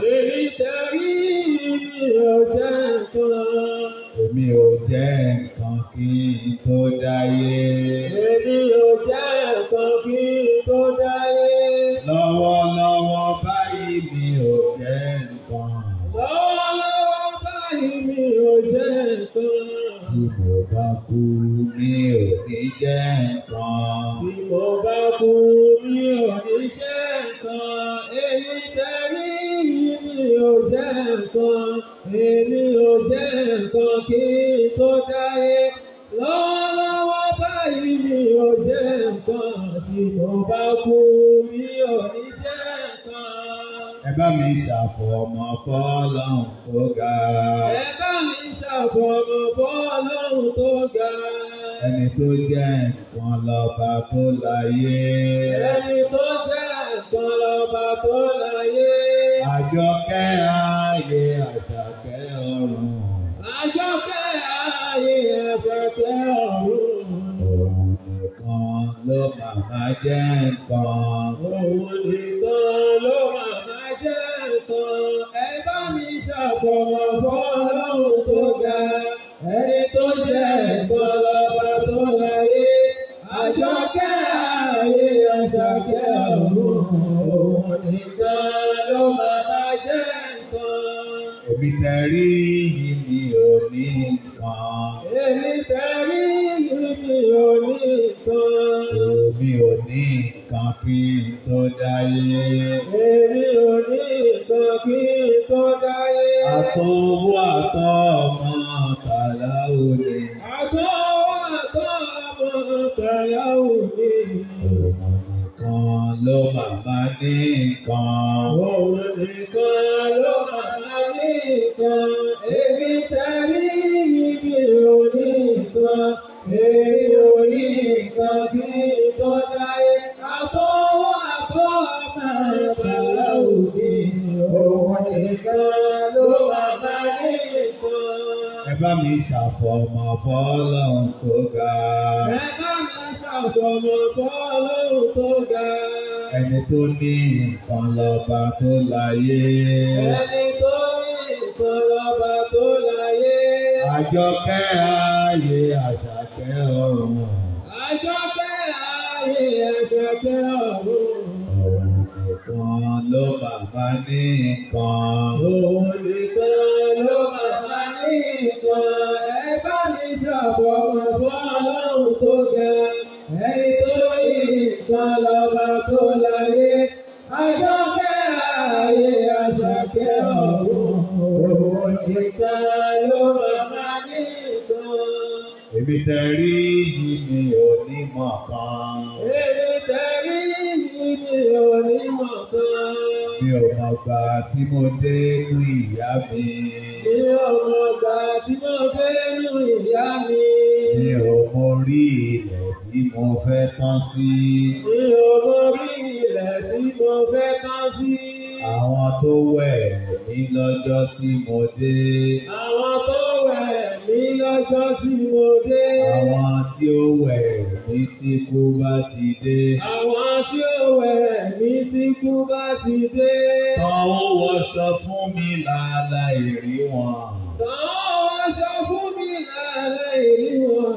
èyí tẹ̀rí mi ò jẹ́ nǹkan. èmi ò jẹ́ nǹkan kí n tó dáyé. Àkọ́mọ̀fọ́ lọ́rùn tó ga, ẹni tó jẹ́ ẹni tó ní nǹkan lọ́ba tó láyé. ẹni tó ní nǹkan lọ́ba tó láyé. àjọkẹ́ ayé àṣàkẹ́ ọ̀run. àjọkẹ́ ayé àṣàkẹ́ ọ̀run. Nìkan ló bàbá nìkan. Òun nìkan ló bàbá nìkan. Ẹ bá mi ṣàfọ̀mọ̀ fún Ọlọ́run tó àwẹ̀ mi tí kú bá ti dé. Tán ó wọṣọ fún mi làálàá ìrí wọn. Tán ó wọṣọ fún mi làálàá ìrí wọn.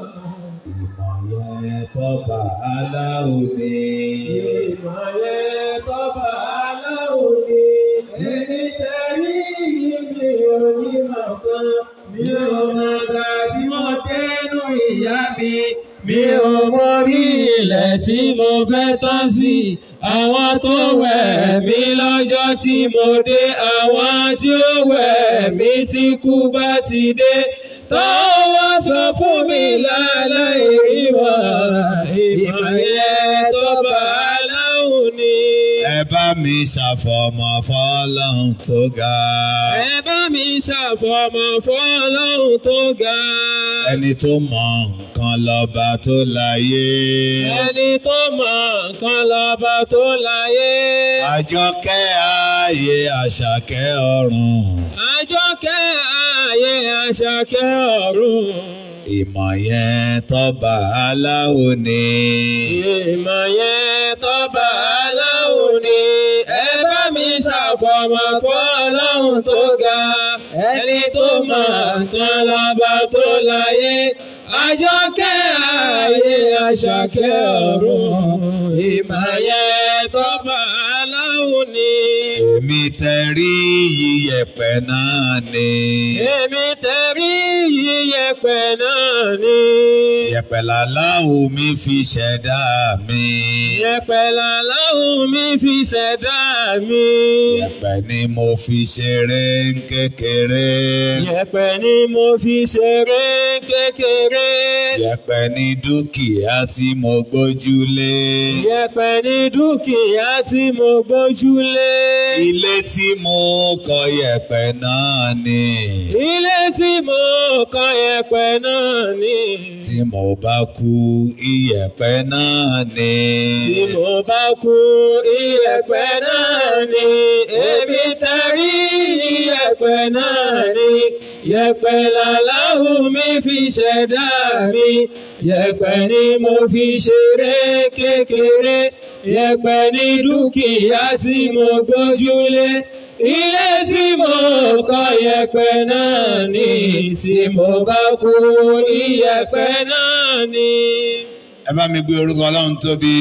Ìmọ̀lẹ̀ tó bá aláwo ni. tó wẹ̀ mí lọ́jọ́ tí mo dé àwọn tí ó wẹ̀ mí tí kú bá ti dé tọ́wọ́ sọ fún mi láláì ìmọ̀ ìmọ̀ yẹn tó bá aláwọ̀ ni. Ẹ bá mi ṣàfọ̀mọ̀ fọ́lọ́hún tó ga. Ẹ bá mi ṣàfọ̀mọ̀ fọ́lọ́hún tó ga. Ẹni tó mọ nǹkan lọ́ba tó láyé. Ẹni tó mọ nǹkan lọ́ba tó láyé àjọkẹ́ ààyè àṣàkẹ́ ọ̀run. àjọkẹ́ ààyè àṣàkẹ́ ọ̀run. Ìmọ̀ yẹn tọ́ba aláwo ni. Ìmọ̀ yẹn tọ́ba aláwo ni. Ẹ bá mi ṣàfọ̀mọ̀ fún Ọlọ́run tó ga. Ẹni tó mọ̀ nǹkan lọ́ba tó láyé. Àjọkẹ́ ààyè àṣàkẹ́ ọ̀run. Ìmọ̀ yẹn tọ́ba èmi tẹ̀rí yíyẹ̀pẹ̀ náà ni. èmi tẹ̀rí yíyẹ̀pẹ̀ náà ni. yẹ̀pẹ̀ làláwo mi fi ṣẹ̀dá mi. yẹ̀pẹ̀ làláwo mi fi ṣẹ̀dá mi. yẹ̀pẹ̀ ni mo fi ṣeré kékeré. yẹ̀pẹ̀ ni mo fi ṣeré kékeré. yẹ̀pẹ̀ ni dúkìá tí mo gbójúlé. yẹ̀pẹ̀ ni dúkìá tí mo gbójúlé. ilé ilé tí mo kọ yẹ̀pẹ̀ náà ni. ilé tí mo kọ yẹ̀pẹ̀ náà ni. tí mo bá kú iyẹ̀pẹ̀ náà ni. tí mo bá kú iyẹ̀pẹ̀ náà ni. èmi tẹ̀rí iyẹ̀pẹ̀ náà ni. yẹ̀pẹ̀ làláhù mi fi ṣẹ̀dá mi. yẹ̀pẹ̀ ni mo fi ṣeré kékeré yẹ̀pẹ̀ ni dúkìá tí mo gbójúlé ilé tí mo kọ́ yẹ̀pẹ̀ náà ni tí mo bá kú iyẹ̀pẹ̀ náà ni. ẹ bá mi gbé orúkọ ọlọ́run tóbi.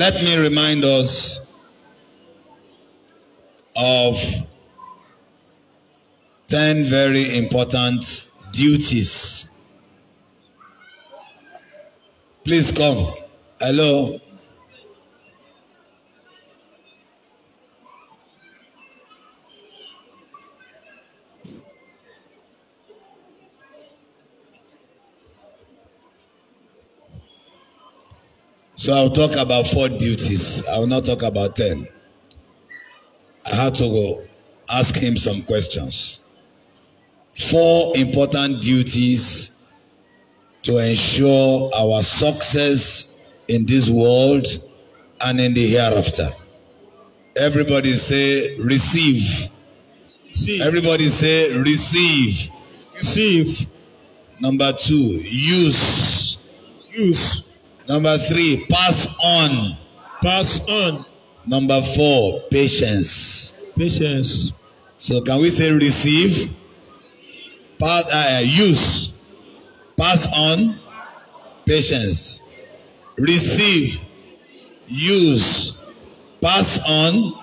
Let me remind us of ten very important duties. Please come. Hello. So I'll talk about four duties. I will not talk about ten. I had to go ask him some questions. Four important duties to ensure our success in this world and in the hereafter. Everybody say, receive. receive. Everybody say, receive. Receive. Number two, use. Use. Number three, pass on. Pass on. Number four, patience. Patience. So can we say receive, pass, uh, use, pass on, patience. Receive, use, pass on,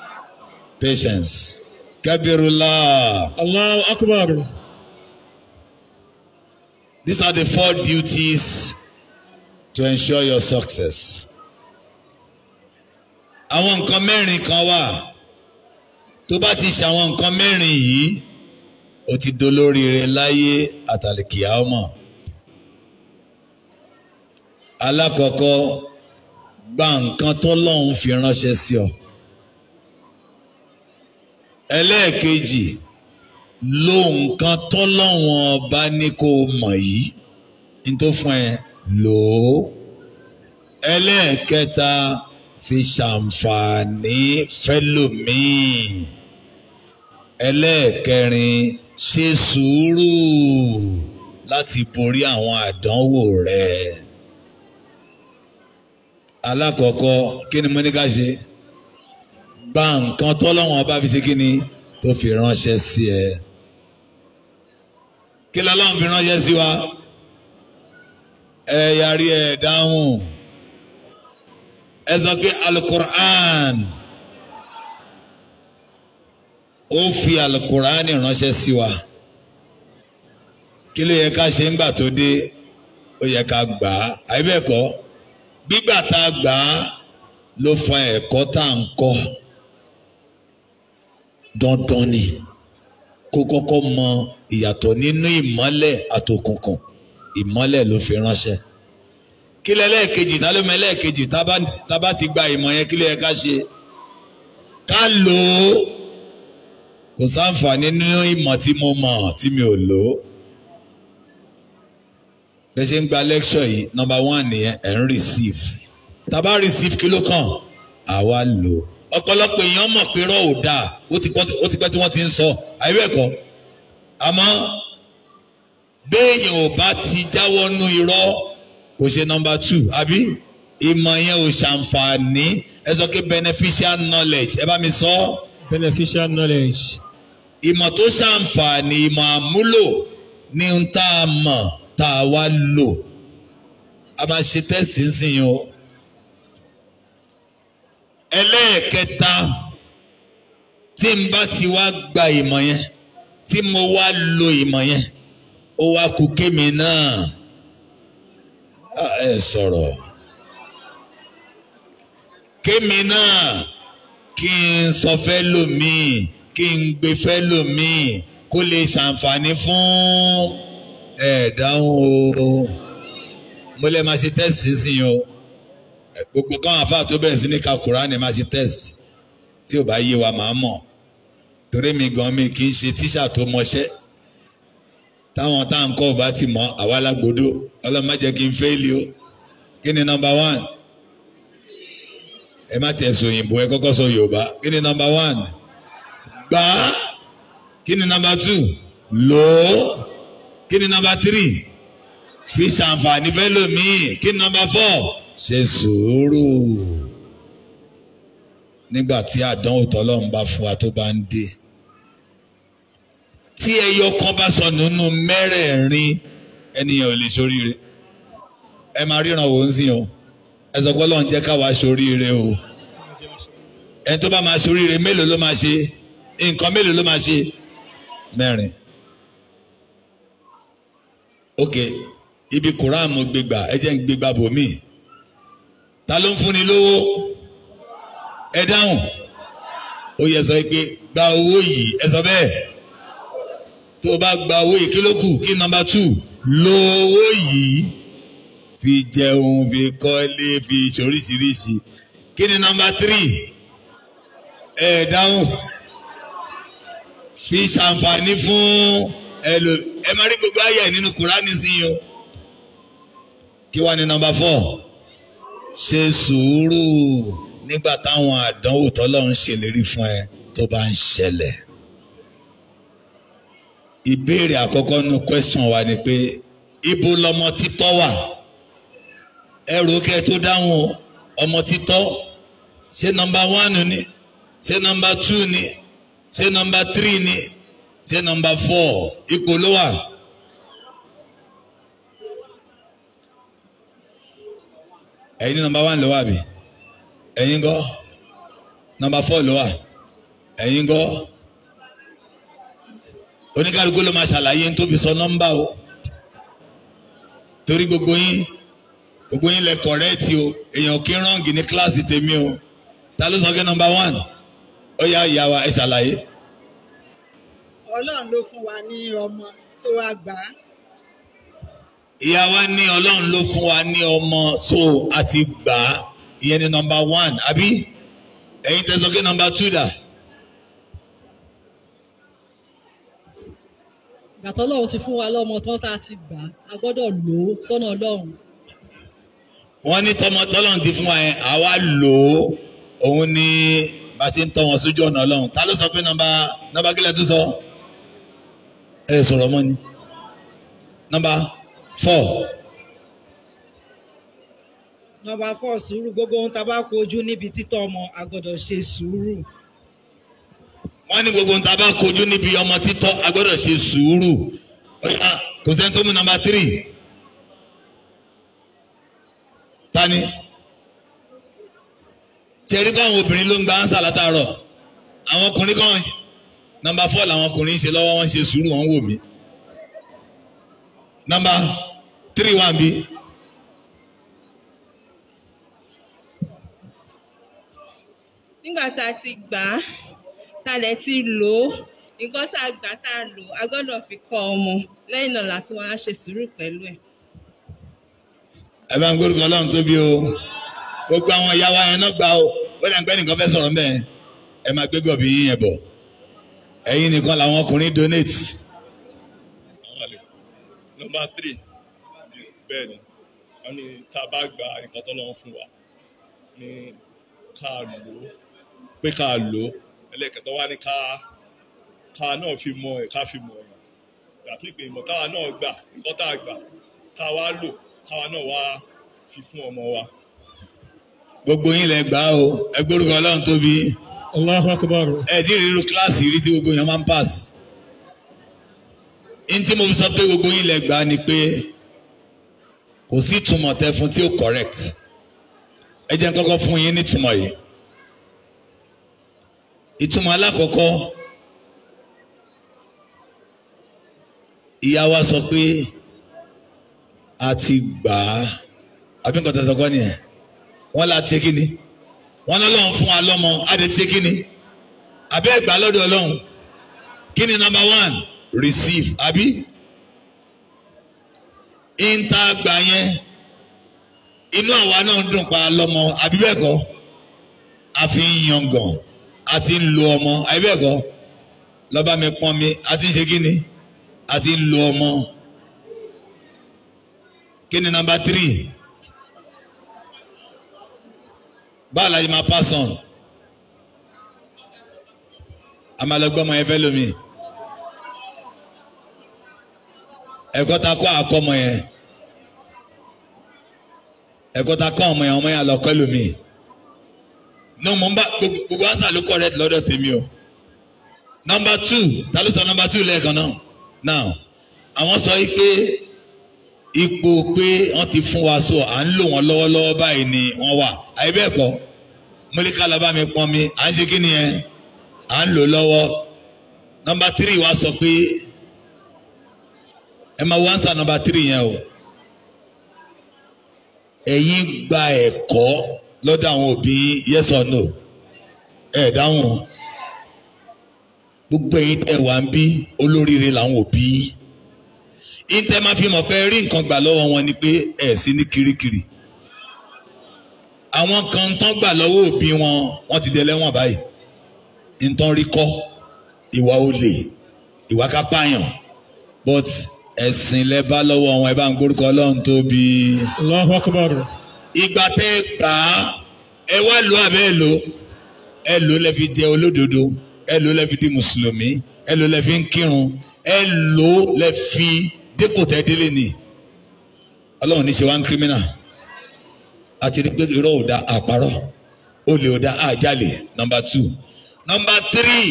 patience. Kabirullah. Allahu Akbar. These are the four duties to ensure your success àwọn nǹkan mẹ́rin kan wà tó bá ti ṣàwọn nǹkan mẹ́rin yìí ó ti dolóríire láyé àtàlìkìyà ọmọ alákọ̀ọ́kọ́ gba nǹkan tọ́lọ́hun fi ránṣẹ́ sí ọ ẹlẹ́ẹ̀kejì lo nǹkan tọ́lọ́hun ọba ní kó o mọ̀ yìí ní tó fún ẹ lò ó ẹlẹ́ẹ̀kẹta fi ṣàǹfààní fẹ́lòmíì ẹlẹ́ẹ̀kẹrin ṣe sùúrù láti borí àwọn àdánwò rẹ alákọ̀ọ́kọ́ kí ni mo ní ká ṣe gba nǹkan tọ́lọ́wọ́n bá fi ṣe kí ni tó fi ránṣẹ́ sí ẹ kí lọ́lọ́run fi ránṣẹ́ sí wa ẹ yarí ẹ dáhùn ẹ sọ pé alukur'an ó fi alukur'an ránṣẹ́ sí wa kí ló yẹ ká ṣe ńgbà tó dé ó yẹ ká gbà á àìbẹ́ẹ̀kọ́ gbígbà tá a gbà á ló fa ẹ̀kọ́ tá à ń kọ́ dandan ni kó kọ́kọ́ mọ ìyàtọ̀ nínú ìmọ́lẹ̀ àtòkùnkùn ìmọ́lẹ̀ ló fi ránṣẹ́ kílẹ̀ lẹ́ẹ̀kejì tá ló mọ ẹlẹ́ẹ̀kejì tá bá ti gba ìmọ̀ yẹn kílẹ̀ ká ṣe ká lò ó kò sáǹfààní nínú ìmọ̀ tí mo mọ̀ tí mi ò lò ó bẹ́ẹ̀ ṣe ń gba lẹ́kṣọ̀ yìí nọmba one nìyẹn ẹ̀ ń receive tá bá receive kí ló kàn àwa lò ó ọ̀pọ̀lọpọ̀ èèyàn mọ̀ pé rọ́ ò dáa ó ti pẹ́ tí wọ́n ti ń sọ àìwé ẹ̀kọ́ àmọ́ béèyàn ò bá ti jáwọ́ nú irọ́ kò ṣe nọ́mbà two àbí ìmọ̀ yẹn ò ṣàǹfààní ẹ sọ pé beneficial knowledge ẹ bá mi sọ. beneficial knowledge. ìmọ̀ tó ṣàǹfààní ìmọ̀ àmúlò ní n tá a mọ̀ tá a wá lò a máa ṣe tẹ́sítì nsìnyí o. ẹlẹ́ẹ̀kẹta tí n bá ti wá gba ìmọ̀ yẹn tí mo wá lo ìmọ̀ yẹn ó wá kú kémi náà ẹ sọ̀rọ̀ kémi náà kí n sọ fẹ́ lòmíì kí n gbé fẹ́ lòmíì kó lè ṣàǹfààní fún ẹ̀ẹ́dáhùn o mo lè máa ṣe test sísìn o gbogbo káwọn afáà tó bẹ̀rẹ̀ sí ní ka Kùránì máa ṣe test tí ò bá yé wa màá mọ̀ torí mi gan mi kì í ṣe tíṣà tó mọṣẹ́ táwọn tá à ń kọ́ ò bá ti mọ̀ àwa alágbòdo ọlọ́mọ jẹ́ kí n fẹ́ẹ́lì o kí ni nọmba one ẹ má tiẹ̀ sọ òyìnbó ẹ kọ́kọ́ sọ Yorùbá kí ni nọmba one gbà á kí ni nọmba two lò ó kí ni nọmba three fi ṣàǹfààní fẹ́ lòmíì kí ni nọmba four ṣe sùúrù nígbà tí àdánwò tọ́lọ́run bá fún wa tó bá ń dé tí ẹyọ kan bá sọ nínú mẹ́rẹ̀ẹ̀rin ẹnìyàn ò lè ṣoríire ẹ máa ríran wò ń sìn o ẹ sọ pé Ọlọ́run jẹ́ káwa ṣoríire o ẹni tó bá máa ṣoríire mélòó ló máa ṣe nǹkan mélòó ló máa ṣe mẹ́rin ok ibi kùránù gbégbà ẹ jẹ́ ń gbégbà bòmí ta ló ń fúnni lówó ẹ dáhùn ó yẹ sọ pé gba owó yìí ẹ sọ bẹ́ẹ̀ tó o bá gba owó yìí kí ló kù kí nọ́mbà tù lo owó yìí fi jẹun fi kọ́lé fi ṣoríṣiríṣi kí ni nọ́mbà tírì ẹ dáhùn fi ṣàǹfààní fún ẹlò ẹ máa rí gbogbo ayé nínú kùránì sí yìí o kí wàá ní nọ́mbà fọ́ ṣe sùúrù nígbà táwọn àdánwò tọ́lọ́run ṣèlérí fún ẹ tó bá ń ṣẹlẹ̀ ìbéèrè àkọ́kọ́ nu question wa ni pé ibo lọmọ títọ́ wà ẹrù kẹ́ tó dáhùn ọmọ títọ́ ṣé nọmba one ni ṣé nọmba two ni ṣé nọmba three ni ṣé nọmba four ipò ló wà. ẹ̀yin ní nọmba one ló wà bí ẹ̀yin gọ́ nọmba four ló wà ẹ̀yin gọ́ oníkálukú ló máa ṣàlàyé ní tó fi sọ nọ́mbà o torí gbogbo yín gbogbo yín lẹ kọ̀rẹ́ẹ̀tì o èèyàn kí rọ́ǹgì ní kíláàsì tèmi o ta ló sọ pé nọ́mbà wán ó yá ìyá wa ẹ ṣàlàyé. ọlọ́run ló fún wa ní ọmọ tó wá gbà á. ìyá wa ní ọlọ́run ló fún wa ní ọmọ so àti gbà á ìyẹn ní nọ́mbà wán àbí ẹ̀yin tẹ́ sọ pé nọ́mbà àtọ́ lọ́run ti fún wa lọ́mọ tán tá a ti gbà á gbọ́dọ̀ lò ó sọ́nà ọlọ́run. wọ́n ní tọmọ tọ́lọ́run ti fún wa yẹn àwa lò ó òun ni bá ti ń tọ́ wọn sójú ọ̀nà ọlọ́run ta ló sọ pé nọ́mbà nọ́mbà kílẹ̀ tó sọ ẹ sọ̀rọ̀ mọ́ ni nọ́mbà four. nọ́mbà four sùúrù gbogbo ohun tá a bá kojú níbi títọ́ ọmọ a gbọ́dọ̀ ṣe sùúrù wọ́n ní gbogbo nta bá kojú níbi ọmọ títọ́ a gbọ́dọ̀ ṣe sùúrù kò sẹ́ni tó mú nàmbà tírì tani ṣẹ̀rí báwọn obìnrin ló ń gba ánsà látàárọ̀ àwọn ọkùnrin kan nàmbà fọ́ làwọn ọkùnrin ń ṣe lọ́wọ́ wọ́n ṣe sùúrù wọ́n wò mí nàmbà tírì wà bí. nígbà tá a ti gbà á tá a lè ti lò ó nǹkan tá a gbà tá a lò a gbọ́dọ̀ fi kọ́ ọmọ lẹ́yìn náà láti wá ṣe sùúrù pẹ̀lú ẹ̀. ẹ bá ń gbórúkọ ọlọ́run tóbi o gbogbo àwọn ìyá wa yẹn náà gbà o ó lè pẹ́ nìkan fẹ́ sọ̀rọ̀ mẹ́ẹ̀ ẹ máa gbé gọ̀bì yín yẹn bọ̀ ẹ̀yin nìkan làwọn ọkùnrin donate. nọ́mbà three bẹ́ẹ̀ ni wọ́n ní tá a bá gba nǹkan tó lọ́wọ́ fún wa ní ká lò ó pé ká lò ó ẹlẹ́kẹ̀tọ́ wá ní ká ká náà fi mọ ẹ̀ ká fi mọ ẹ̀ àti ìpè ìmọ̀ táwa náà gbà nǹkan tá a gbà tá wá lò táwa náà wá fi fún ọmọ wa. gbogbo yín lẹ gbà o ẹ gbórúkọ Ọlọ́run tóbi. Allahu Akbar. ẹ ti rí irú kíláàsì rí tí gbogbo yẹn máa ń pass. n tí mo fi sọ pé gbogbo yín lẹ gbà ni pé kò sí ìtumọ̀ tẹ fún tí ó correct. ẹ jẹ́ n kọ́kọ́ fún yín ní ìtumọ̀ yìí ìtumọ̀ alákọ̀ọ́kọ́ ìyá wa sọ pé a ti gbà á àbí nǹkan tẹ̀sán kọ́ nìyẹn wọ́n la ti kí ni wọ́n lọ́lọ́run fún wa lọ́mọ á lè ti kí ni àbẹ́ ìgbà lọ́dọ̀ ọlọ́run kí ni number one receive àbí ìta gbà yẹn inú àwa náà dùn pa lọ́mọ àbí bẹ́ẹ̀ kọ́ a fi ń yan gan a ti ń lo ọmọ àìbẹ́ẹ̀kọ́ lọ́ba mi pọ́n mi a ti ń ṣe kí ni a ti ń lo ọmọ kí ni nọ́mbà tírì báà la yìí máa pass on amalẹgbọmọ yẹn fẹ́ lomi ẹ̀kọ́ ta kọ́ àkọ́mọ yẹn ẹ̀kọ́ ta kọ́ ọmọ yẹn ọmọ yẹn alọkọ lomi no mọ̀nba gbogbo ansa ló correct lọ́dọ̀ tèmi o number two ta ló sọ number two lẹ́ẹ̀kan náà now àwọn sọ yìí pé ipò pé wọ́n ti fún wa so à ń lò wọ́n lọ́wọ́lọ́wọ́ báyìí ni wọ́n wà àyè bẹ́ẹ̀ kọ́ mọ́lẹ́ká lọ bá mi pọ́n mi à ń ṣe kí nìyẹn à ń lò lọ́wọ́ number three wa sọ pé ẹ máa wá ansa number three yẹn o ẹ̀yin gba ẹ̀kọ́. E lọ́dọ̀ àwọn òbí yes or no ẹ dáhùn gbogbo ẹ̀yin tẹ́ wà ń bí olóríire làwọn òbí yín tẹ́ máa fi mọ̀ pé rí nǹkan gbà lọ́wọ́ wọn ni pé ẹ sí ní kirikiri àwọn kan tán gbà lọ́wọ́ òbí wọn wọ́n ti dẹlẹ́wọ̀n báyìí nǹkan rí kọ́ ìwà olè ìwà kápáyàn but ẹ̀sìn lẹ bá lọ́wọ́ wọn ẹ bá ń gbórúkọ Ọlọ́run tóbi. Allahu Akbar ìgbà tẹ́ ẹ kà á ẹ wá lò àbẹ́ ẹ lò ẹ lò lẹ́ fi jẹ olódodo ẹ lò lẹ́ fi di mùsùlùmí ẹ lò lẹ́ fi ń kírun ẹ lò lẹ́ fi dẹ́kun tẹ́ délé ni ọlọ́run ní ṣe wá ń kírímínà àti rí pé irọ́ ò da àparọ́ olè ò da àjálè nọmba two nọmba three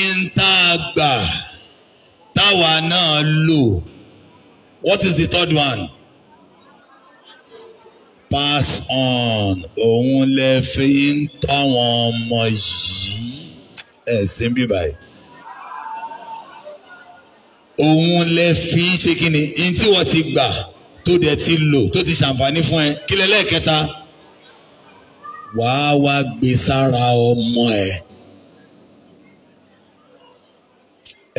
ìntàgbà táwa náà lò what is the third one pass on òun lè fi ń táwọn ọmọ yìí ẹ̀sìn bí báyìí. òun lè fi ń ṣe kí ni ní tí wọ́n ti gbà tó dẹ̀ ti lò tó ti ṣàǹfààní fún ẹ kí lẹ lẹ́ẹ̀kẹta wàá wá gbé sára ọmọ ẹ.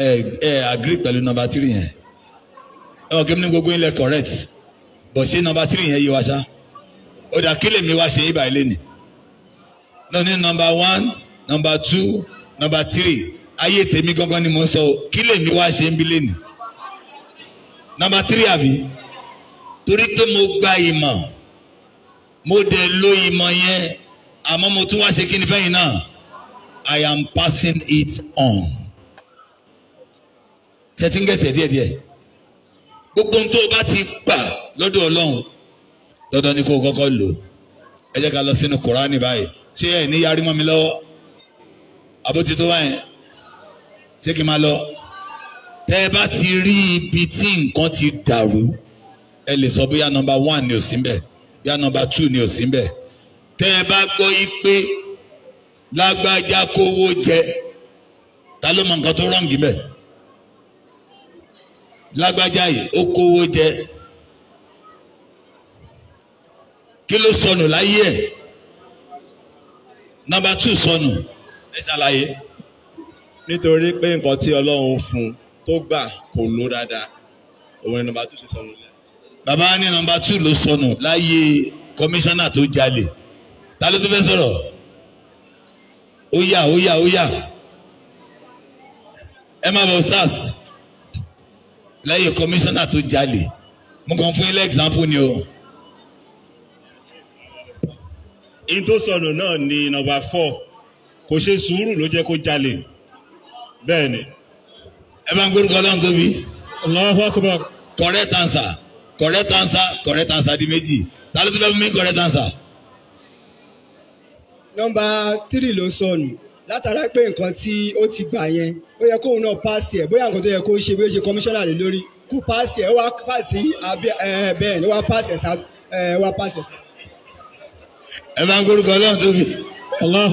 ẹ ẹ agree pẹ̀lú nọ́mbà tírì yẹn. ẹ ọ̀gẹ́mi ní gbogbo yín lẹ correct bọ̀ ṣé nọ́mbà tírì yẹn yé wa ṣá ọ̀dà kí lèmi wá ṣe ibà ilé ni náà ní nọmba one nọmba two nọmba three ayé tèmi gangan ni mo sọ kí lèmi wá ṣe ń bí lé ni nọmba three àbí torí pé mo gba ìmọ̀ mo dẹ̀ lo ìmọ̀ yẹn àmọ́ mo tún wá ṣe kí ni fẹ́yìn náà I am passing it on tẹ̀síngẹ̀tẹ̀ díẹ̀díẹ̀ gbogbo ohun tó o bá ti gbà lọ́dọ̀ Ọlọ́run dandan ni kó o kọ́kọ́ lò ẹ jẹ́ ká lọ sínú kùránì báyìí ṣé ẹ̀ ní yarí mọ́ mi lọ́wọ́ àbótító báyìí ṣé kí n máa lọ tẹ́ ẹ bá ti rí ibi tí nǹkan ti dàrú ẹ lè sọ bóyá nọ́mbà one ni ò sí mbẹ̀ bóyá nọ́mbà two ni ò sí mbẹ̀ tẹ́ ẹ bá gbọ́ yí pé lágbájá kówó jẹ ta ló mọ nǹkan tó rọǹgì mbẹ̀ lágbájá yìí ó kówó jẹ kí ló sọnù láyé ẹ̀ nọ́mbà two sọnù ẹ ṣàlàyé. nítorí pé nǹkan tí ọlọ́run fún tó gbà kò lò dáadáa òun ni nọ́mbà two ṣe sọnù lẹ. bàbá ní nọ́mbà two ló sọnù láyé kọmíṣánná tó jalè ta ló tún fẹ́ sọ̀rọ̀ ó yá ó yá ó yá ẹ má bọ̀ sars láyé kọmíṣánná tó jalè mo kàn fún yín lẹ́ example ni o. in tó sọnù náà ni nọ́mbà four kò ṣe sùúrù ló jẹ́ kó jalè bẹ́ẹ̀ ni. ẹ máa ń gbórúkọ lọ́n tóbi. Allahu Akbar. correct answer correct answer correct answer di méjì ta ló mi correct answer. nọ́mbà tírì ló sọnù látara pé nǹkan tí ó ti gbà yẹn ó yẹ kóun náà páàsì ẹ bóyá nǹkan tó yẹ kó ṣe bóyá ṣe kọmíṣánná lè lórí kó páàsì ẹ ó wá páàsì ẹ bẹ́ẹ̀ ni ó wá páàsì ẹ sá ẹ wá páàsì ẹ sá. E máa ń gbórúkọ ọlọ́run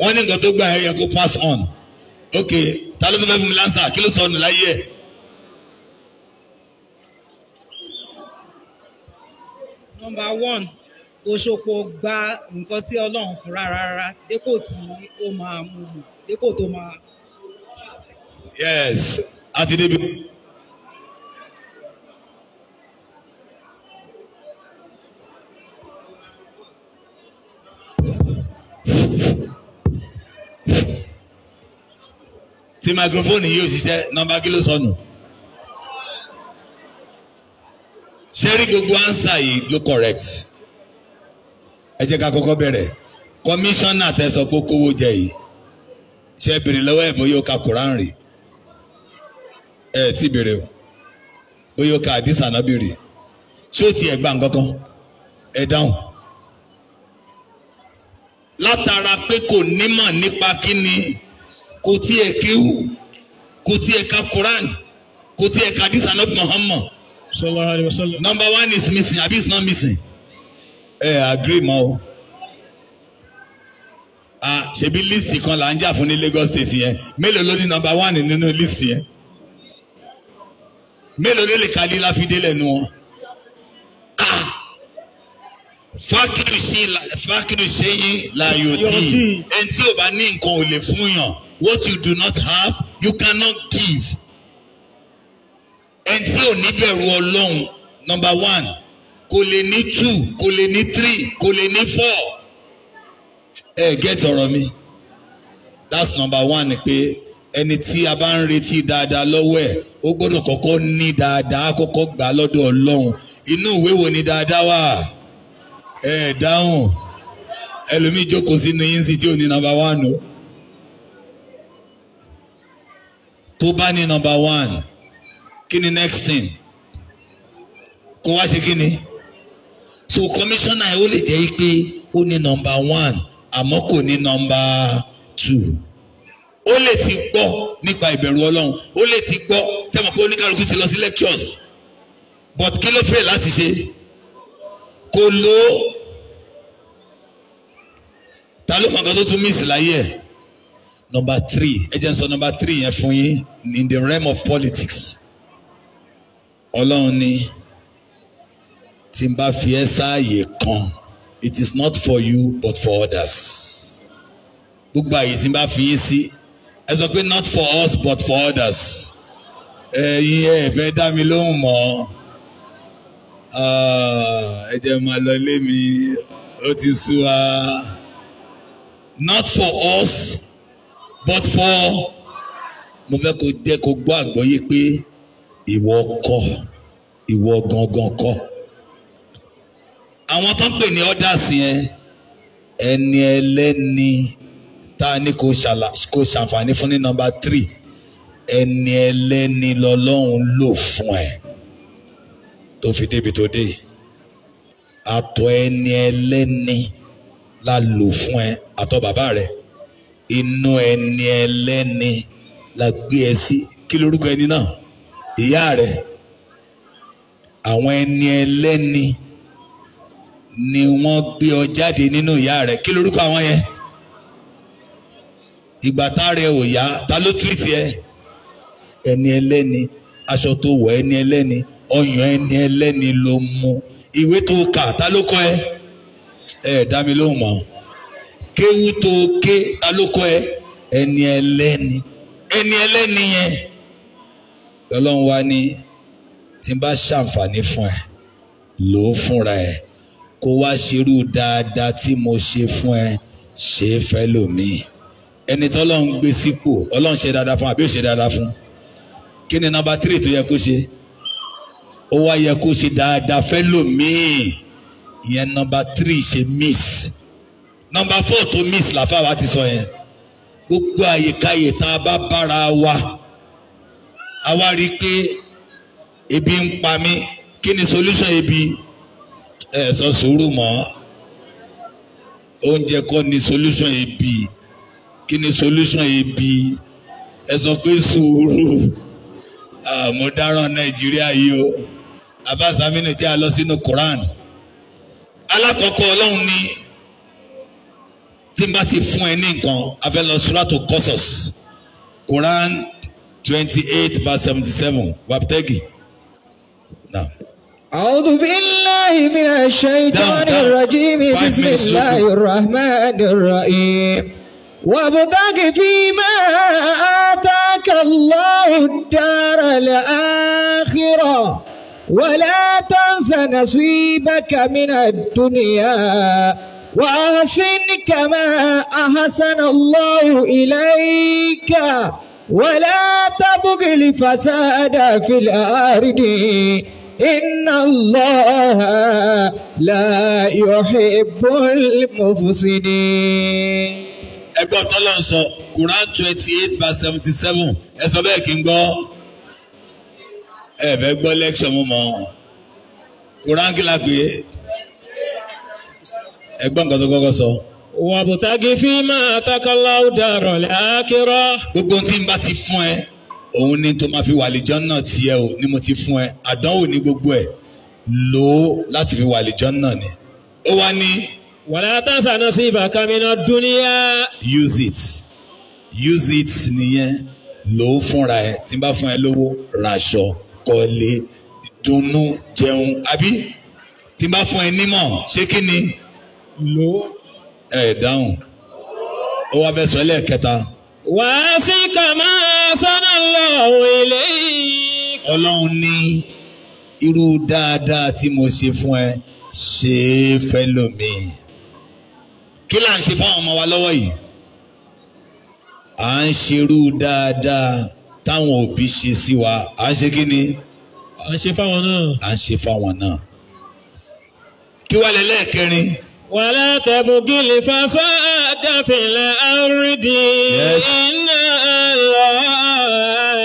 wọ́n ní nǹkan tó gbà ẹ yẹ pass on ok ta ló fẹ́ fún mi lásà kí ló sọnù láyé ẹ̀. gba nǹkan tí ọlọ́run fún rárá rárá dépò tí ó máa mú dépò tó tí microphone yìí ò ṣiṣẹ́ nọ́mbà kí ló sọnù. ṣé rí gbogbo answer yìí ló correct ẹ jẹ́ ká kọ́kọ́ bẹ̀rẹ̀ kọmíṣánná tẹ̀sọ pé kówó jẹ yìí ṣe bèrè lọ́wọ́ ẹ̀ bóyá ó ka Quran rè ẹ ti bèrè o bóyá ó ka àdìsá náà bèrè ṣé ó ti ẹ̀ gbà nǹkankan ẹ dáhùn látara pé kò nímọ̀ nípa kí ni kò tiẹ̀ kéwù kò tiẹ̀ ka Quran kò tiẹ̀ ka hadith anab Muhammad. sallallahu alayhi wa sallam. number one is missing abi is not missing. ẹ hey, agree ma? o. ah ṣebí list kan la ń jà fún ní Lagos state yẹn mélòó ló ní number one nínú list yẹn mélòó ló lè ka lílá fi dé lẹ́nu wọn. ah fákìrì ṣe yín láyò tí ẹ̀ ń tí ò bá ní nǹkan ò what you do not have you cannot give ẹni tí ò ní bẹ̀rù ọlọ́run number one kò lè ní two kò lè ní three kò lè ní four ẹ get ọ̀rọ̀ mi that's number one ni pé ẹni tí a bá ń retí dáadáa lọ́wọ́ ẹ̀ ó gbọ́dọ̀ kọ́kọ́ ní dáadáa kọ́kọ́ gbà lọ́dọ̀ ọlọ́run inú ìwé wo ni dáadáa wà ẹ dáhùn ẹlòmíì jókòó sínú yín sí tí ò ní number one o. No? tó bá ní number one kí ni next thing kó wá ṣe kí ni so commissioner ó lè jẹ́ pé ó ní number one àmọ́ kò ní number two ó lè ti gbọ́ nípa ìbẹ̀rù ọlọ́run ó lè ti gbọ́ sẹ́wọ̀n pé oníkàlùkù ti lọ sí lectures but kí ló fẹ́ láti ṣe kò lò ó ta ló mọ̀ nǹkan tó tún miss láyé ẹ̀ number three ẹ jẹ́ n sọ number three yẹn fún yín in the realm of politics ọlọ́run ni tí n bá fi ẹ́ sáàyè kan it is not for you but for others gbogbo àyè tí n bá fi yín sí ẹ sọ pé not for us but for others ẹ̀yin ẹ̀ fẹ́ dá mi lóhùn mọ́ ah, ẹ máa lọ ilé mi ó ti sú wa not for us but for mo fẹ́ kó jẹ́ kó gbọ́ àgbọ́yé pé ìwọ kọ́ ìwọ gangan kọ́ àwọn tó ń pè ní others yẹn ẹni ẹlẹ́ni tá a ní kó ṣàǹfààní fún ní nọ́mbà three ẹni ẹlẹ́ni lọ́lọ́run lò fún ẹ tó fi débi tó dé àtọ̀ ẹni ẹlẹ́ni la lò fún ẹ àtọ̀ bàbá rẹ. inú ẹni ẹlẹ́ni la gbé ẹ sí kí lorúkọ ẹni náà ìyá rẹ àwọn ẹni ẹlẹ́ni ni wọ́n gbé ọ jáde nínú ìyá rẹ kí lorúkọ àwọn yẹn ìgbà tá rẹ ò yá ta ló tìrìtì ẹ ẹni ẹlẹ́ni aṣọ tó wọ̀ ẹni ẹlẹ́ni ọyàn ẹni ẹlẹ́ni ló mú ìwé tó kà ta ló kọ ẹ ẹ dá mi lóhùn mọ́. kéwú tó ké alóko ẹ ẹni ẹlẹ́ni ẹni ẹlẹ́ni yẹn lọ́lọ́run wá ní tí n bá ṣàǹfààní fún ẹ lò ó fúnra ẹ kó wá ṣerú dáadáa tí mo ṣe fún ẹ ṣe é fẹ́ lòmíì ẹni tọ́lọ́run gbé sípò ọlọ́run ṣe dáadáa fún àbí ò ṣe dáadáa fún kí ni nọ́mbà tírì tó yẹ kó ṣe ó wá yẹ kó ṣe dáadáa fẹ́ lòmíì ìyẹn nọ́mbà tírì ṣe miss nọmba four tó miss làfà wa ti sọ yẹn gbogbo àyèkáyè tá a bá bára wa a wá rí i pé ebi ń pa mí kí ni solution ebi ẹ sọ sùúrù mọ́ oúnjẹ kọ́ ni solution ebi kí ni solution ebi ẹ sọ pé sùúrù mo dáràn nàìjíríà yìí o abáṣámínú jẹ́ a lọ sínú Quran alákọ̀ọ́kọ́ ọlọ́run ni tí n bá ti fún ẹ ní nǹkan a fẹ́ lọ suratu Qasas Quran twenty eight verse seventy seven wabtegi. أعوذ بالله من الشيطان الرجيم بسم الله الرحمن الرحيم وابتغ فيما آتاك الله الدار الآخرة ولا تنس نصيبك من الدنيا وأحسن كما أحسن الله إليك ولا تبغ الفساد في الأرض إن الله لا يحب المفسدين ẹgbọ́n tọ́lọ́ ń sọ Quran twenty eight verse seventy seven ẹ sọ bẹ́ẹ̀ kí n gbọ́ ẹ bẹ́ẹ̀ gbọ́ lẹ́kṣọ̀ mú mọ́ Quran kí la pè ẹ̀gbọ́n nǹkan tó kọ́kọ́ sọ. wàbùtàgì fi máa takala ọ̀daràn lákìrọ̀. gbogbo tí n bá ti fún ẹ òun ni tó máa fi wà lìjọ́ náà tiẹ̀ o ni mo ti fún ẹ àdánwò ní gbogbo ẹ̀ lò ó láti fi wà lìjọ́ náà ni. ó wá ní. wàlá tásánà sí ìbàkámínà dúníyà. use it use it nìyẹn lò ó fúnra ẹ tí n bá fún ẹ lówó raṣọ kọ́lé dunnú jẹun àbí tí n bá fún ẹ nímọ̀ ṣé kí ni. Lo, ẹ dáhùn ó wá fẹ́ sọ ẹlẹ́ẹ̀kẹta. wà á sí kàmá sọ́nà lọ́wọ́ ilé yìí. ọlọ́run ní irú dáadáa tí mo ṣe fún ẹ ṣe é fẹ́ lómi. kí là ń ṣe fáwọn ọmọ wa lọ́wọ́ yìí? à ń ṣerú dáadáa táwọn òbí ṣe sí wa à ń ṣe kí ni. à ń ṣe fáwọn náà. à ń ṣe fáwọn náà. kí wàá lẹ lẹ́ẹ̀kẹrin. ولا تبق الفساد في الأرض yes. إن الله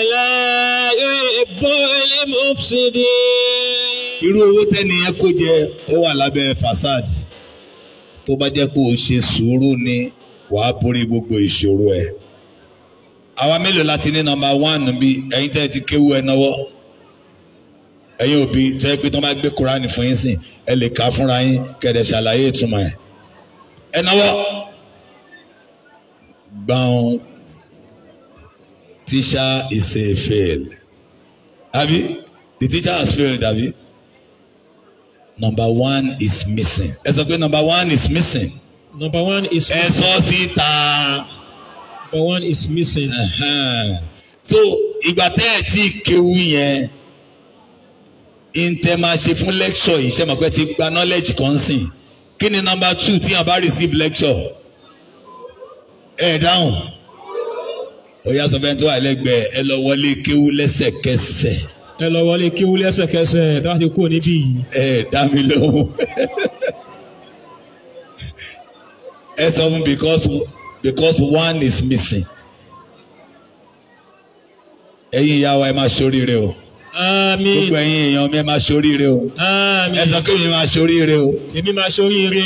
لا يحب المفسدين. irú owó tẹ́niyẹn kó jẹ ó wà lábẹ́ fasad tó bá jẹ́ o ṣe sùúrù ni wàá borí gbogbo ìṣòro ẹ̀. àwa mélòó ní one ẹ̀yin tẹ́ ti ẹ̀yin òbí tẹ́ pé tí wọ́n bá gbé kuraani fún yín sìn ẹ lè kà á fúnra yín kẹ̀dẹ̀ ṣàlàyé ìtumọ̀ ẹ̀ ẹ náwó gbọ̀n teacher is a fail àbí the teacher has failed àbí number one is missing ẹ sọ pé number one is missing. number one is missing. ẹ sọ síta. number one is missing. Uh-huh. so ìgbà tẹ́ ẹ ti kéwú yẹn ntẹ máa ṣe fún lecture yìí ṣe ti gba knowledge kan sìn kí ni number two tí a bá receive lecture ẹ dáhùn oyà sọ fẹ́ tó wà lẹ́gbẹ̀ẹ́ ẹ lọ wọlé kéwú lẹ́sẹ̀kẹsẹ̀. ẹ lọ wọlé kéwú lẹ́sẹ̀kẹsẹ̀ bá ti kú níbí yìí. ẹ dá mi lóhùn ẹ sọ fún because because one is missing ẹ̀yin ìyá wa ẹ máa ṣoríire o àmín. gbogbo ẹ̀yin èèyàn mi ẹ máa ṣoríire o. àmín. ẹ sọ pé mi máa ṣoríire o. èmi máa ṣoríire.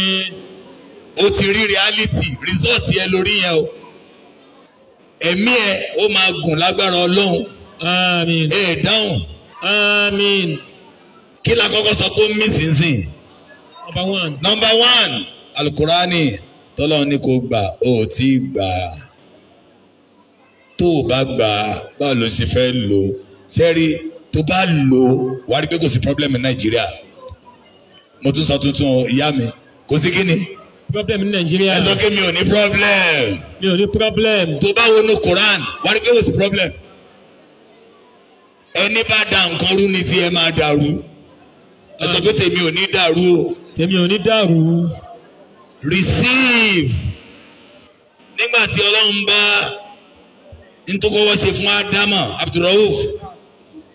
o ti rí reality result yẹn lórí yẹn o. ẹ̀mí ẹ ó máa gùn lágbára ọlọ́run. àmín. ẹ dáhùn. kí la kọ́kọ́ sọ pé ó ń mí sínsìn. number one. number one alukurani tọ́lọ́run ní kò gbà ó ti gbà á tó o bá gbà báwo ló ṣe fẹ́ lò ó ṣẹ́rí tó bá lò ó wà rí pé kò sí problem nàìjíríà mo tún sọ tuntun ìyá mi kò sí kíni. problem ní nàìjíríà. ẹ sọ pé mi ò ní problem. mi ò ní problem. tó bá wọnú Quran wà á rí pé kò sí problem. ẹni bá da nǹkan rú ni tiẹ̀ máa dàrú ẹ sọ pé ah. tèmi ò ní dàrú o. tèmi ò ní dàrú. receive nígbà tí ọlọ́run bá ntọ́kọ́wọ́ ṣe fún Ádámà Abdulrauf.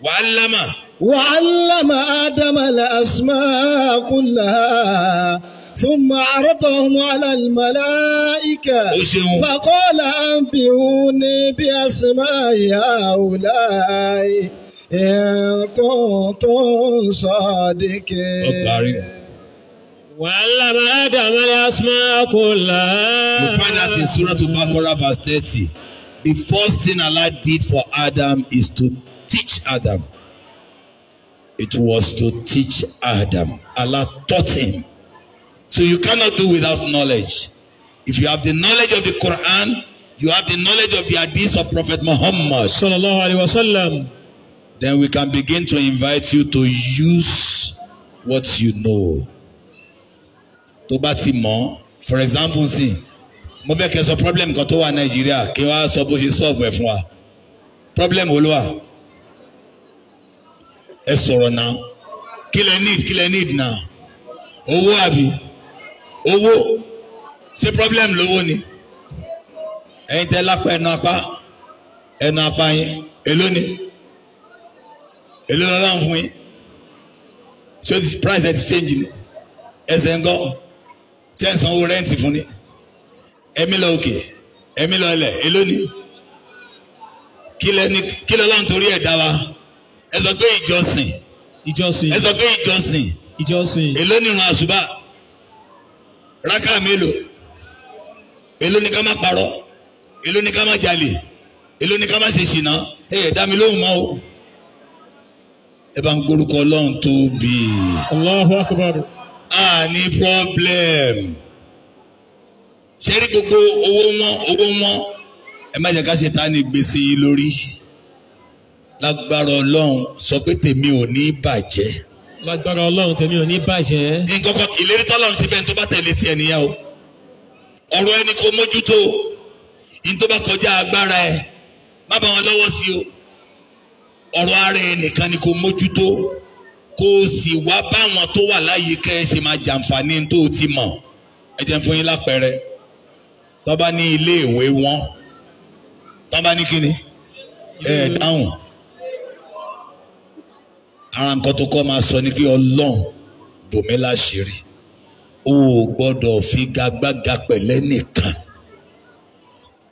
وعلم وعلم آدم الأسماء كلها ثم عرضهم على الملائكة فقال أنبئوني بأسماء هؤلاء إن كنتم صادقين وعلم آدم الأسماء كلها. We find that in Surah Al-Baqarah verse 30. The first thing Allah did for Adam is to teach Adam. It was to teach Adam. Allah taught him. So you cannot do without knowledge. If you have the knowledge of the Quran, you have the knowledge of the hadith of Prophet Muhammad. Sallallahu Alaihi Wasallam. Then we can begin to invite you to use what you know. Tó bá ti mọ̀, for example, sí, mo fẹ́ kẹ́ sọ problem kan tó wà Nàìjíríà kí wọ́n á sọ bó ṣe solve ẹ̀ fún wa. Problem wo ló wà? ẹ sọ̀rọ̀ náà kí lẹ need kí lẹ need náà owó àbí owó ṣé problem lówó ni ẹ̀yin tẹ́ lápá ẹnu apá ẹnu apá yín èló ni èló lọ́la ń fún yín ṣé o ti price ẹ ti change ni ẹsẹ̀ ń gọ́ ṣé ẹ sanwó rẹ́ǹtì fún ni ẹ̀mí lọ òkè ẹ̀mí lọ ilẹ̀ èló ni kí lọ́la ń torí ẹ̀ dá wa ẹ sọ pé ìjọsìn ìjọsìn ẹ sọ pé ìjọsìn ìjọsìn èló ni ìrun àṣùbà rákà mélòó èló ni ká má parọ́ èló ni ká má jalè èló ni ká má ṣe ṣìnà ẹ yẹ dá mi lóhùn mọ́ o ẹ bá ń gbórúkọ ọlọ́run tóbi. Allahu akbar. a ní problem ṣé rí gbogbo owó wọn owó wọn ẹ má jẹ́ ká ṣe ta ni gbèsè lórí lágbára ọlọ́run sọ pé tèmi ò ní bàjẹ́. lágbára ọlọ́run tèmi ò ní bàjẹ́. nǹkan kan ìlérí tọ́lọ́run síbẹ̀ tó bá tẹ̀lé tiẹ̀ nìyà ọ̀rọ̀ ẹni kò mójútó ní tó bá kọjá agbára ẹ má bá wọn lọ́wọ́ sí o ọ̀rọ̀ ara ẹ nìkan ni kò mójútó kó o sì wá báwọn tó wà láyé kẹ́ ẹ ṣe máa jàǹfààní tó o ti mọ̀ ẹ jẹ́ fún yín lápẹẹrẹ tó bá ní ilé ìwé wọn tó bá ní kíni ẹ dáhùn ara nǹkan tó kọ́ máa sọ ni pé ọlọ́run bòmí láṣìírí o ò gbọ́dọ̀ fi gagbága pẹ̀lẹ́ nìkan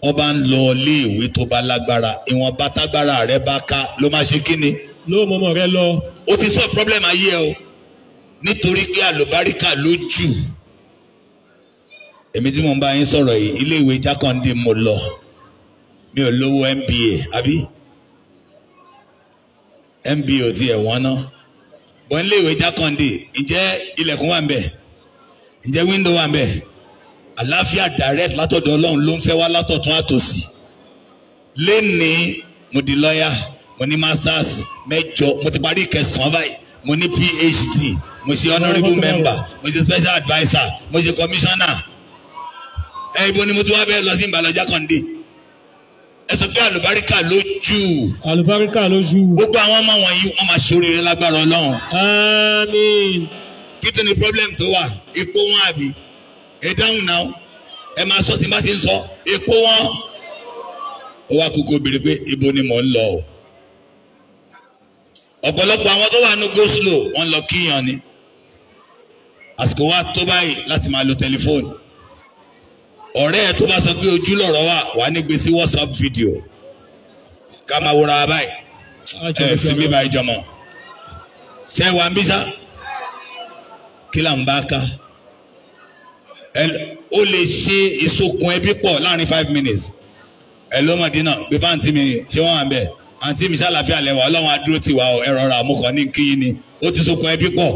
wọ́n bá ń lọ ilé ìwé tó bá lágbára ìwọ̀n bátágbára rẹ bá ká ló máa ṣe kíni. ló mọ̀mọ́ rẹ lọ. o ti sọ problem ayé ẹ o nítorí pé àlùbáríkà ló jù èmi tí mo ń bá yín sọ̀rọ̀ yìí ilé ìwé jákàndé lọ mi ò lówó MBA àbí mbo ti ẹ̀ wọ́n ná bọ́n ilé ìwé jákàndé ǹjẹ́ ilẹ̀kùn wà ń ǹjẹ́ wíńdò wà ń bẹ̀ direct látọ̀dọ̀ ọlọ́run ló ń fẹ́ wá látọ̀tún àtòsí lẹ́ni mo di lọ́yà mo ní masters mẹ́jọ mo ti parí ìkẹsàn-án báyìí mo ní phd mo ṣe honourable member mo ṣe special adviser mo ṣe commissioner ẹ ibo ni mo ti wá bẹ́ẹ̀ lọ sí ìbàlọ́jà kàndé ẹ sọ pé àlùbáríkà lójú. àlùbáríkà lójú. gbogbo àwọn ọmọ wọ̀nyí wọ́n máa ṣoríire lágbára ọlọ́run. àmín. kí tó ni problem tó wà ipò wọn àbí ẹ dáhùn náà ẹ máa sọ tí n bá ti ń sọ ipò wọn. ó wá kúkú obìnrin pé ibo ni mò ń lọ o. ọ̀pọ̀lọpọ̀ àwọn tó wà ní go slow wọ́n lọ kíyàn ni àsìkò wa tó báyìí láti máa lo tẹlifóònù ọ̀rẹ́ ẹ̀ tó bá sọ pé ojú wà wà ní gbé whatsapp fídíò ká máa wúra báyìí ẹ fi mí báyìí jọmọ ṣe wà ń bí sá kí là ń bá ká ó lè ṣe ìsokùn ẹbí pọ̀ láàrin five minutes ẹ ló Madina gbé fáǹtì mi ṣé wọ́n wà ń bẹ̀ àǹtí mi ṣàlàfíà lẹ́wà ọlọ́run adúró tiwa ọ ẹ rọra àmúkọ ní kíyìn ni ó ti sokùn ẹbí pọ̀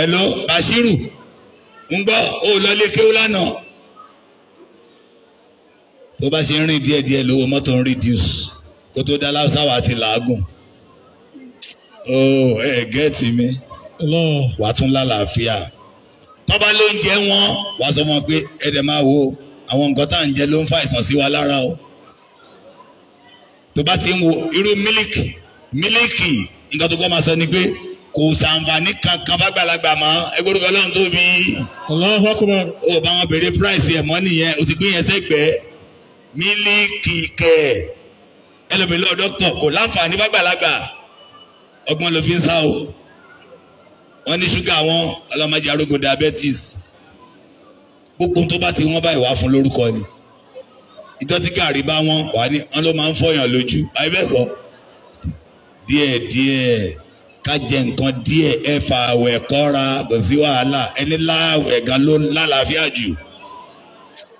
ẹ ló Bashiru ń gbọ́ ó lọ lé kéwú lánàá tó bá ṣe ń rìn díẹ̀díẹ̀ lówó mọ́tò ń reduce kó tó dá láwùsáwà àti làágùn oh ẹ gẹ́ẹ̀tì mi wà á tún lálàáfíà tọ́ba ló ń jẹ wọ́n wà á sọ fún wọn pé ẹ dẹ̀ máa wo àwọn nǹkan tá à ń jẹ ló ń fa àìsàn sí wa lára o tó bá ti ń wo irú mílíkì mílíkì nǹkan tó kọ́ máa sọ ni pé kò sàǹfààní kankan fàgbàlagbà mọ́ ẹgbẹ́rún ọlọ́run tó bí. ọlọ́run wá o bá wọn béèrè price ẹ̀ mọ́ nìyẹn o ti gbé yẹn sẹ́gbẹ̀ẹ́ mílíkì kẹ ẹlòmílò dọ́kítọ̀ kò láǹfààní bàgbàlagbà ọgbọ́n ló fi ń sá o wọ́n ní ṣúgà wọn ọlọ́mọdé arógo diabetes gbogbo tó bá ti wọ́n báyìí wá fún lórúkọ ni ìjọ tí gàrí bá wọn wà ní wọn ló máa ń fọyàn lójú àìbẹ́ẹ̀kọ́ díẹ̀ díẹ̀ ká jẹ nǹkan díẹ̀ ẹ fà àwẹ̀ kọ́ra kò sí wàhálà ẹni láàwẹ̀ gan ló lálàáfíà jù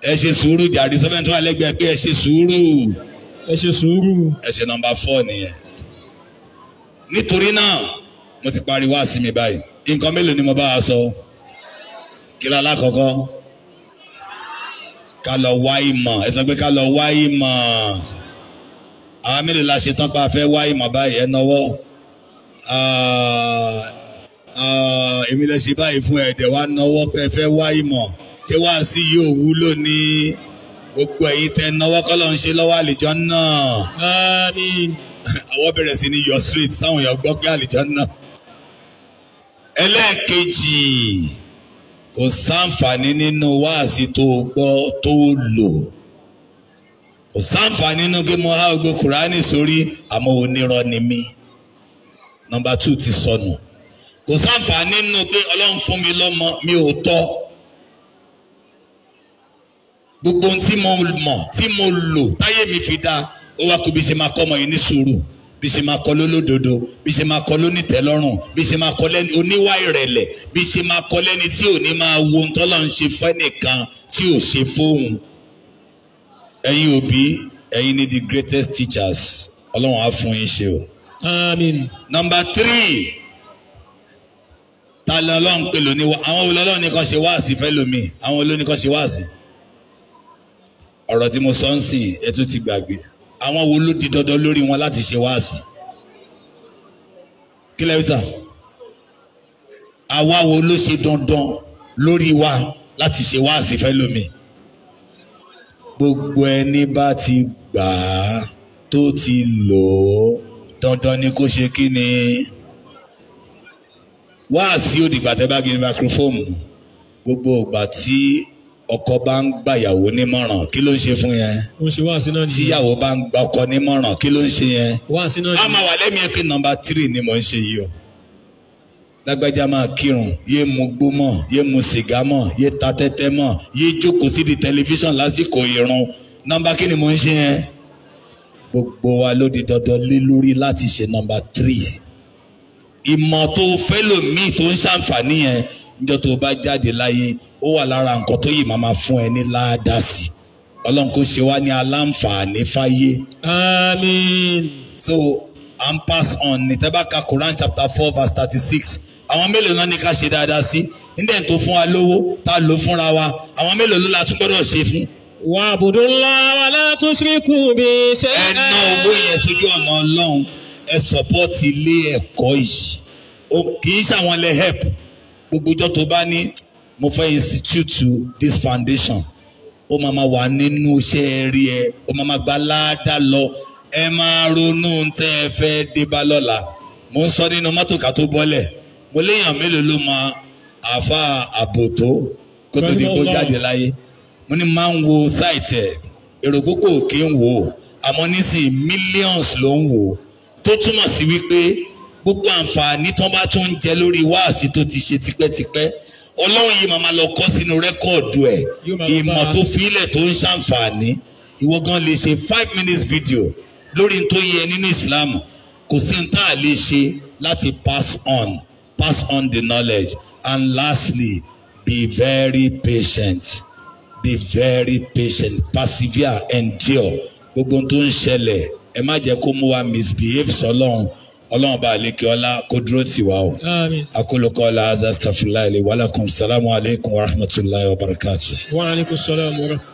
ẹ ṣe sùúrù jàre sọfẹ́ni tó wà lẹ́gbẹ̀ẹ́ pé ẹ ṣe sùúrù. ẹ ṣe sùúrù. ẹsẹ̀ nọmba fọ́ nìyẹn. nítorí náà mo ti parí wáàsí mi báyìí nǹkan mélòó ni mo bá a sọ kílá alákọ̀ọ́kọ́ ká lọ wá ìmọ̀ ẹ sọ pé ká lọ wá ìmọ̀ àwọn mélòó la ṣe tán pa fẹ́ wá ìmọ̀ báyìí ẹ nọwọ́ èmi lè ṣe báyìí fún ẹ̀ẹ́dẹ̀ wa nọwọ́ pé ẹ fẹ́ wá ìmọ̀ ṣé wá sí yìí ò wúlò ní gbogbo ẹ̀yin tẹ́ náwó kọ́lọ̀ ń ṣe lọ́wọ́ àlìjọ náà. àwọ̀ bẹ̀rẹ̀ sí ní yọ street táwọn èèyàn gbọ́ pé àlìjọ náà. ẹlẹ́ẹ̀kejì kò sáǹfààní nínú wáàsí tó gbọ́ tó lò kò sáǹfààní nínú pé mo há kùránì sórí àmọ́ onírọ́ ni mí nọ́mbà two ti sọnù kò sáǹfààní nínú pé ọlọ́run fún mi lọ́mọ mi ò tọ́ gbogbo ohun tí mo mọ̀ tí mo lò táyé mi fi dáa ó wá kó bí ṣe máa kọ́ ọmọ yìí ní sùúrù bí ṣe máa kọ́ lólódodo bí ṣe máa kọ́ lónìtẹ́lọ́rùn bí ṣe máa kọ́ lẹ́ni oníwà ìrẹ̀lẹ̀ bí ṣe máa kọ́ lẹ́ni tí ò ní máa wo ohun tọ́lọ́ ń ṣe fẹ́nìkan tí ò ṣe fóun. ẹ̀yin òbí ẹ̀yin ni the greatest teachers ọlọ́run á fún yín ṣe o. àmín. nọ́mbà tírì ta lọ́lọ́run pè lóní àwọn olólùwọ́n ní kan ṣe wáàsí fẹ́ lómi àwọn olóníkan ṣe wáàsí ọ̀rọ̀ tí mo sọ ń sìn ẹ tún ti gbàgbé àwọn wo ló di dandan lórí wọn láti ṣe wáàsí kí lẹ́yìn sà àwa wo ló ṣe dandan lórí wa láti ṣe wáàsí fẹ́lómi gbogbo ẹni bá ti gbà á tó ti lò ó dandan ni kó ṣe kí ni wáàsí òdìgbà tẹ́ bá gbé microphone gbogbo ìgbà tí ọkọ bá ń gbàyàwó nímọ̀ràn kí ló ń ṣe fún yẹn. ó ń ṣe wá sí náà tíyàwó bá ń gba ọkọ nímọ̀ràn kí ló ń ṣe yẹn. wá sí náà nìyẹn. a máa wà lẹ́mìí pé nọmba tírì ni mò ń ṣe yìí o. lágbájá máa kírun yé mu gbó mọ́ yé mu sìgá mọ́ yé ta tẹ́tẹ́ mọ́ yé jókòó sí di tẹlifíṣàn lásìkò ìrun nọmba kí ni mò ń ṣe yẹn. gbogbo wa ló di dandan lé lórí láti ṣe nọmba tírì. ìmọ̀ tó fẹ́ lòmíì tó ń ṣàǹfààní yẹn níjọ́ tó o bá jáde láyé ó wà lára nǹkan tó yìí máa fún ẹ ní ládàsí ọlọ́run kò ṣe wá ní aláǹfààní fáyé. àmín. so i'm pass on ní tẹ́bá ka Quran chapter four verse thirty-six àwọn mélòó náà ní ká ṣe dáadáa sí níbẹ̀ tó fún wa lówó tá a lò fúnra wa àwọn mélòó ló la tún gbọ́dọ̀ ṣe fún. wà á bùdó ńlá wa látún ṣíríkù bí ṣe. ẹ ná owó yẹn sójú ọ̀nà ọlọ́run ẹ sọ́pọ́ọ̀tì ilé ẹ̀kọ́ yìí kì í ṣàwọn lè help gbogbo ọjọ́ tó bá ní mo fẹ́ institute this foundation ó máa ma wà nínú iṣẹ́ rí ẹ ó máa ma gba láàdá lọ ẹ máa ronú tẹ́ ẹ fẹ́ dé bá lọ́la mo ń sọ nínú mọ́tò ká tó bọ́lẹ̀ mo léèyàn mélòó ló mọ àfa àbòtó kó tó di kó jáde láyé mo ní máa ń wo site ẹ̀ èrò púpọ̀ kì í wò ó àmọ́ nísìnyí millions ló ń wò ó tó túmọ̀ sí wípé gbogbo àǹfààní tó bá tún ń jẹ lórí wáàsí tó ti ṣe tipẹ́tipẹ́ ọlọ́run yìí màmá lọ kọ́ sínú rẹ́kọ̀dù ẹ̀ ìmọ̀ tó fílẹ̀ tó ń ṣàǹfààní ìwọ gan lè ṣe five minutes video lórí n tó yẹ nínú Islam kò sí n tá a lè ṣe láti pass on pass on the knowledge and lastly be very patient be very patient persevere endure gbogbo n tó ń ṣẹlẹ̀ ẹ má jẹ́ kó mú wa misbehave sọlọ́run. So ọlọ́run bá àlékè ọlá kó dúró tì wá o. akólókọ́ ọlá azastafurulayi wàlàkùn salamu alaykum wa rahmatulahi wa barakatu. wa alaykum salaam wa rahmatulahi.